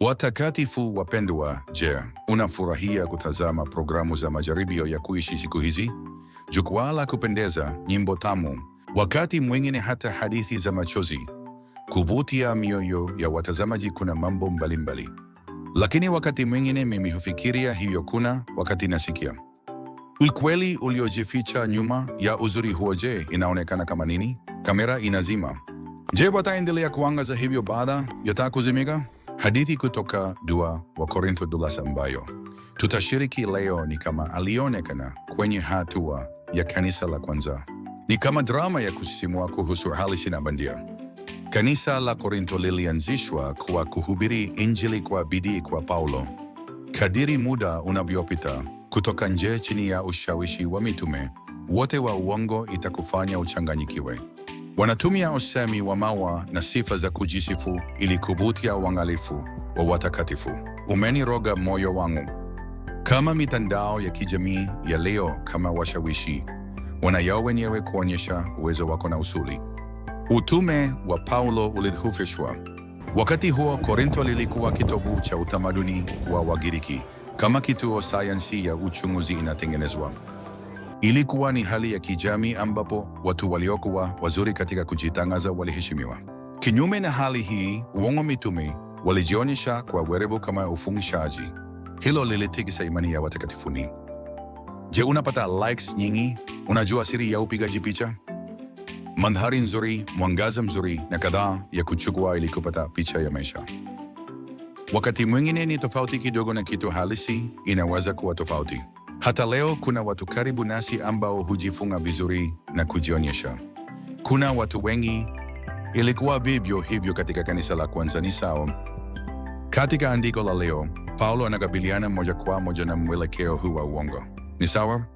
Watakatifu wapendwa, je, unafurahia kutazama programu za majaribio ya kuishi siku hizi? Jukwaa la kupendeza, nyimbo tamu, wakati mwingine hata hadithi za machozi kuvutia mioyo ya watazamaji. Kuna mambo mbalimbali, lakini wakati mwingine mimi hufikiria hiyo, kuna wakati nasikia ukweli uliojificha nyuma ya uzuri huo. Je, inaonekana kama nini? Kamera inazima. Je, wataendelea kuangaza hivyo baada ya taa kuzimika? Hadithi kutoka dua wa Korintho dulas ambayo tutashiriki leo ni kama alionekana kwenye hatua ya kanisa la kwanza. Ni kama drama ya kusisimua kuhusu halisi na bandia. Kanisa la Korintho lilianzishwa kwa kuhubiri Injili kwa bidii kwa Paulo. Kadiri muda unavyopita kutoka nje chini ya ushawishi wa mitume wote wa uongo itakufanya uchanganyikiwe. Wanatumia usemi wa mawa na sifa za kujisifu ili kuvutia uangalifu wa watakatifu. Umeniroga moyo wangu. Kama mitandao ya kijamii ya leo, kama washawishi wanayao wenyewe kuonyesha uwezo wako na usuli. Utume wa Paulo ulidhoofishwa. Wakati huo korinto lilikuwa kitovu cha utamaduni wa Wagiriki, kama kituo sayansi ya uchunguzi inatengenezwa. Ilikuwa ni hali ya kijamii ambapo watu waliokuwa wazuri katika kujitangaza waliheshimiwa. Kinyume na hali hii, uongo mitume walijionyesha kwa werevu kama ufungishaji. Hilo lilitikisa imani ya watakatifuni. Je, unapata likes nyingi? Unajua siri ya upigaji picha? Mandhari nzuri, mwangaza mzuri na kadhaa ya kuchukua ili kupata picha ya maisha. Wakati mwingine ni tofauti kidogo na kitu halisi, inaweza kuwa tofauti. Hata leo kuna watu karibu nasi ambao hujifunga vizuri na kujionyesha. Kuna watu wengi. Ilikuwa vivyo hivyo katika kanisa la kwanza. Ni sawa. Katika andiko la leo, Paulo anakabiliana moja kwa moja na mwelekeo huu wa uongo. Ni sawa.